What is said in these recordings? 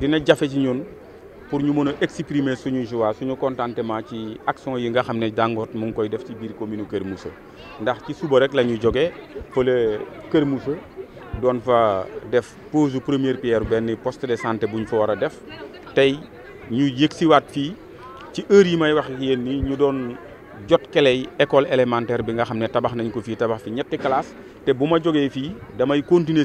dina jafé ci pour ñu exprimer suñu joie suñu contentement ci action yi nga xamné commune Nous Moussa ndax ci suba rek la joggé jógee Keur Moussa doon fa def pose première pierre benn poste de santé fa def tay ñu wat que ci heure yi may wax ñu doon jot école élémentaire bi nga xamné tabax fi ñetti classe té que continuer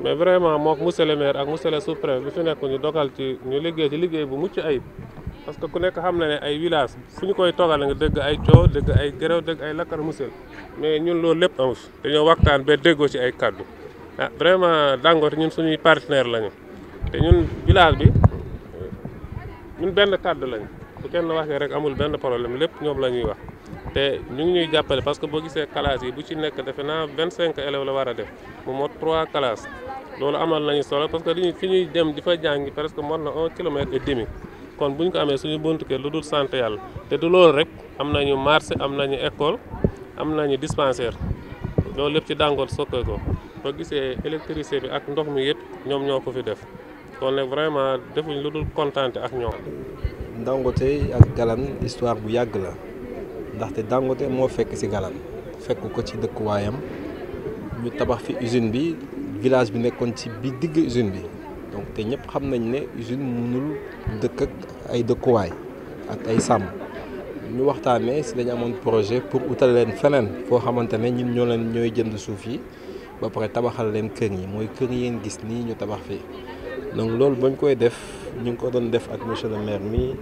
mais vraiment mook monsieur le maire ak monsieur le bi fi nekk ñu dogal ci ñu liggéey ci liggéey bu mucc ayib parce que ku nekk xam na ne ay village fu ñu koy toogal nga dëgg ay coow dëgg ay gréw dëgg ay lakkar musel mais ñun loolu lépp amus dañoo waxtaan ba déggoo ci ay kàddu ah vraiment Dangote ñun suñuy partenaire lañu te ñun village bi ñun benn kaddu lañu bu kenn waxee rek amul benn problème lépp ñoom la ñuy wax te ñu ngi ñuy jàppale parce que boo gisee classe yi bu ci nekk defe naa vingt cinq élèves la war a def mu mot trois classes loolu amal nañu solo parce que diñu fi ñuy dem di fa jàngi presque mot na un kilomètre et demi kon bu ñu ko amee suñu buntu kër lu dul sant yàlla te du loolu rek am nañu marché am nañu école am nañu dispensaire loolu lépp ci Dangote sokkee ko boo gisee électricité bi ak ndox mi yëpp ñoom ñoo ko fi def kon nag vraiment defuñ lu dul kontaante ak ñoom Dangote ak Galan histoire bu yag la ndaxte Dangote mo fekk ci Galan fekk ko ci dëkkuwaayam ñu tabax fi usine bi village bi nekkon ci bi digg usine bi donc te ñep xam nañ ne usine mënul dekk ak ay dëkkuwaay ak ay sam ñu waxtaanee ci dañu amone projet pour outal len fenen fo xamantene ñun ñoo len ñoy jënd suuf yi ba pare tabaxal len kër yi moy kër yi ngeen gis ni ñu tabax fi donc loolu bañ koy def ñu ko doon def ak monsieur le maire mi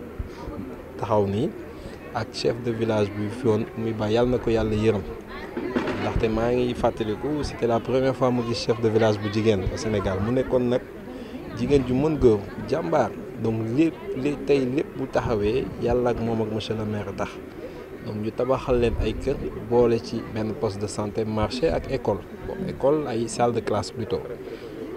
taxaw ni ak chef de village bi fion mi ba yàlla na ko yàlla yërëm ndaxte maa ngi fàttaliku c'était la première fois mu gis chef de village bu jigéen au Sénégal mu nekkoon nag jigéen ju mën góor jàmbaar donc lépp li tey lépp bu taxawee yàlla ak moom ak monsieur le maire tax donc ñu tabaxal leen ay kër boole ci benn poste de santé marché ak école bon école ay salle de classe plutôt